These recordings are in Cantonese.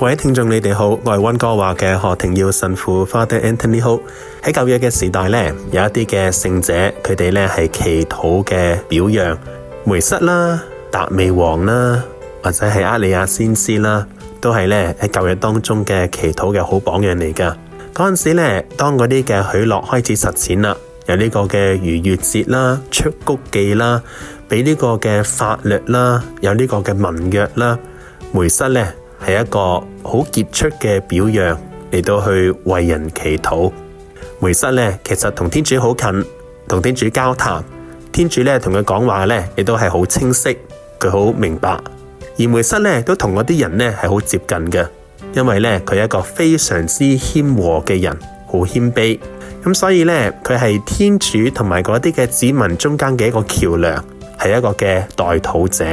各位聽眾，你哋好，我係溫哥華嘅何庭耀神父 Father Anthony Ho。喺舊約嘅時代咧，有一啲嘅聖者，佢哋咧係祈禱嘅表樣，梅瑟啦、達味王啦，或者係阿里亞先知啦，都係咧喺舊約當中嘅祈禱嘅好榜樣嚟㗎。嗰陣時咧，當嗰啲嘅許諾開始實踐啦，有呢個嘅逾越節啦、出谷記啦，俾呢個嘅法律啦，有呢個嘅盟約啦，梅瑟咧。係一個好傑出嘅表揚嚟到去為人祈禱。梅瑟呢，其實同天主好近，同天主交談，天主呢，同佢講話呢，亦都係好清晰，佢好明白。而梅瑟呢，都同嗰啲人呢係好接近嘅，因為呢，佢係一個非常之謙和嘅人，好謙卑。咁所以呢，佢係天主同埋嗰啲嘅子民中間嘅一個橋梁，係一個嘅代禱者，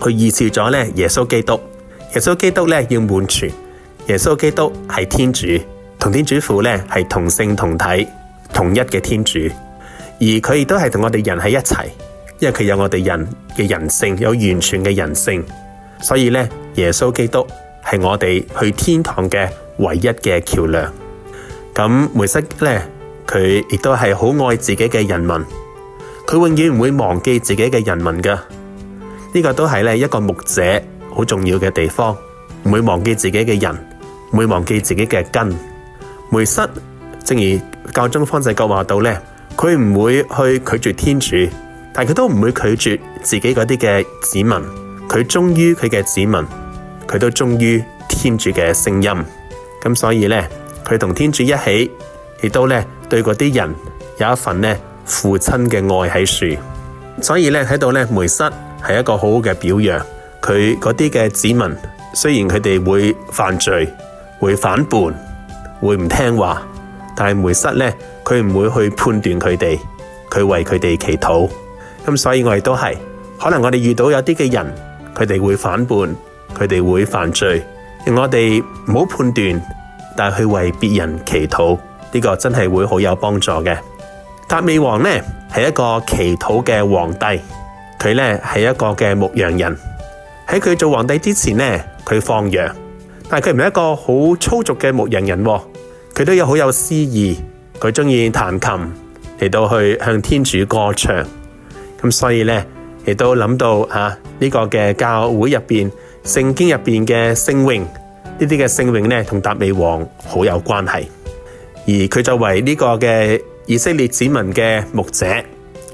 佢預兆咗呢耶穌基督。耶穌基督要滿全，耶穌基督係天主，同天主父係同性同體、同一嘅天主，而佢亦都係同我哋人喺一齊，因為佢有我哋人嘅人性，有完全嘅人性，所以呢，耶穌基督係我哋去天堂嘅唯一嘅橋梁。咁梅瑟呢，佢亦都係好愛自己嘅人民，佢永遠唔會忘記自己嘅人民噶，呢、這個都係呢一個牧者。好重要嘅地方，唔會忘記自己嘅人，唔會忘記自己嘅根。梅瑟，正如教宗方濟各話到呢，佢唔會去拒絕天主，但係佢都唔會拒絕自己嗰啲嘅子民。佢忠於佢嘅子民，佢都忠於天主嘅聲音。咁所以呢，佢同天主一起，亦都呢對嗰啲人有一份呢父親嘅愛喺樹。所以呢，喺度呢，梅瑟係一個好好嘅表樣。佢嗰啲嘅子民，雖然佢哋會犯罪、會反叛、會唔聽話，但係梅瑟咧，佢唔會去判斷佢哋，佢為佢哋祈禱。咁所以我哋都係可能我哋遇到有啲嘅人，佢哋會反叛，佢哋會犯罪，我哋唔好判斷，但係去為別人祈禱呢、這個真係會好有幫助嘅。達味王咧係一個祈禱嘅皇帝，佢咧係一個嘅牧羊人。喺佢做皇帝之前呢，佢放羊，但係佢唔係一個好粗俗嘅牧羊人，佢都有好有詩意，佢鍾意彈琴嚟到去向天主歌唱，咁所以呢，亦都諗到吓呢、啊，這個嘅教會入邊聖經入邊嘅聖詠呢啲嘅聖詠咧，同達味王好有關係，而佢作為呢個嘅以色列子民嘅牧者，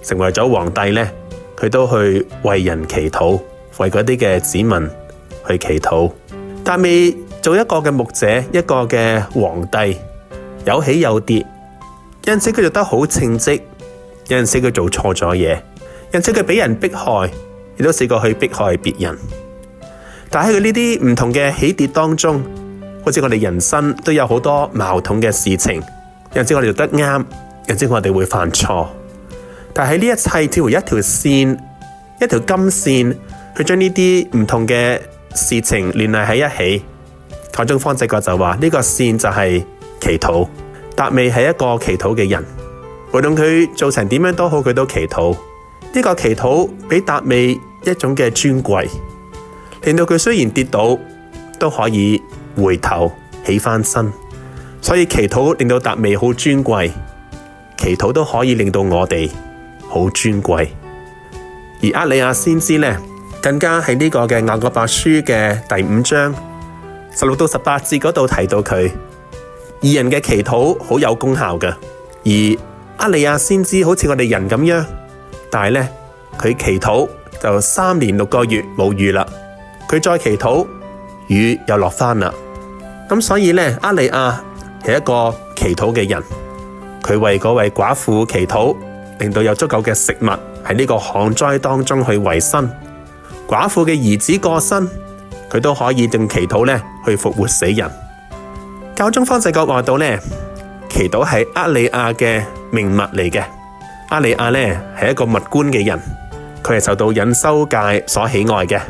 成為咗皇帝呢，佢都去為人祈禱。為嗰啲嘅子民去祈禱，但未做一個嘅牧者，一個嘅皇帝，有起有跌。有陣時佢做得好稱職，有陣時佢做錯咗嘢，有陣時佢俾人迫害，亦都試過去迫害別人。但喺佢呢啲唔同嘅起跌當中，好似我哋人生都有好多矛盾嘅事情。有陣時我哋做得啱，有陣時我哋會犯錯。但喺呢一切，跳回一條線，一條金線。佢將呢啲唔同嘅事情連繫喺一起，箇中方直覺就話呢，這個線就係祈禱。達味係一個祈禱嘅人，無論佢做成點樣都好，佢都祈禱。呢，這個祈禱俾達味一種嘅尊貴，令到佢雖然跌倒都可以回頭起翻身。所以祈禱令到達味好尊貴，祈禱都可以令到我哋好尊貴。而厄里亞先知呢。更加喺呢個嘅《雅各伯書》嘅第五章十六到十八節嗰度提到佢二人嘅祈禱好有功效㗎而阿利亞先知好似我哋人咁樣，但係呢，佢祈禱就三年六個月冇雨喇佢再祈禱雨又落翻啦。噉所以呢，阿利亞係一個祈禱嘅人，佢為嗰位寡婦祈禱，令到有足夠嘅食物喺呢個旱災當中去維生。寡婦的兒子過身，他都可以用祈禱呢去復活死人。教宗方濟各話到咧，祈禱是厄里亞的命脈嚟嘅。厄里亞咧係一個默觀的人，他是受到隱修界所喜愛的，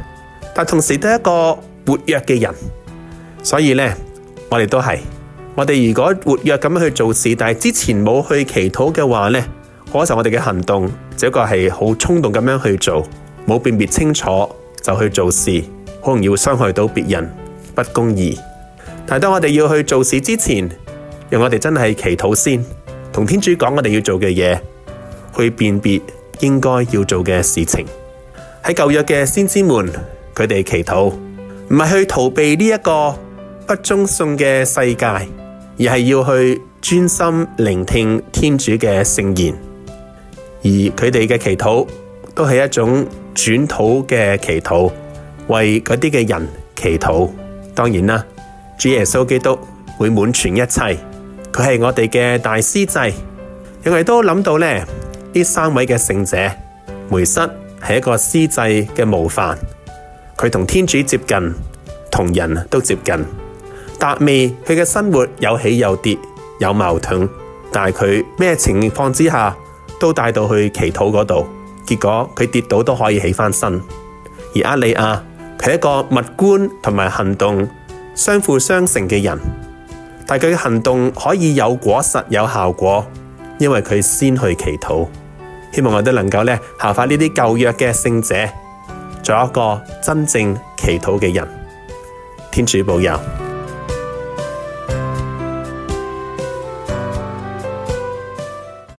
但同時也是一個活躍的人。所以咧，我們都是，我們如果活躍咁去做事，但係之前沒有去祈禱的話咧，嗰時候我們的行動，只不過係好衝動咁去做。冇辨別清楚就去做事，好容易會傷害到別人，不公義。但係當我哋要去做事之前，讓我哋真係祈禱先，同天主講我哋要做嘅嘢，去辨別應該要做嘅事情。喺舊約嘅先知們，佢哋祈禱唔係去逃避呢一個不忠信嘅世界，而係要去專心聆聽天主嘅聖言，而佢哋嘅祈禱都係一種。轉土嘅祈禱，為嗰啲嘅人祈禱。當然啦，主耶穌基督會滿全一切。佢係我哋嘅大師祭。因為都諗到呢，呢三位嘅聖者梅瑟係一個司祭嘅模範。佢同天主接近，同人都接近。達味佢嘅生活有起有跌，有矛盾，但係佢咩情況之下都帶到去祈禱嗰度。結果佢跌倒都可以起返身，而阿里亞佢係一個物觀同埋行動相輔相成嘅人，但佢嘅行動可以有果實有效果，因為佢先去祈禱。希望我哋能夠呢效法呢啲舊約嘅聖者，做一個真正祈禱嘅人。天主保佑。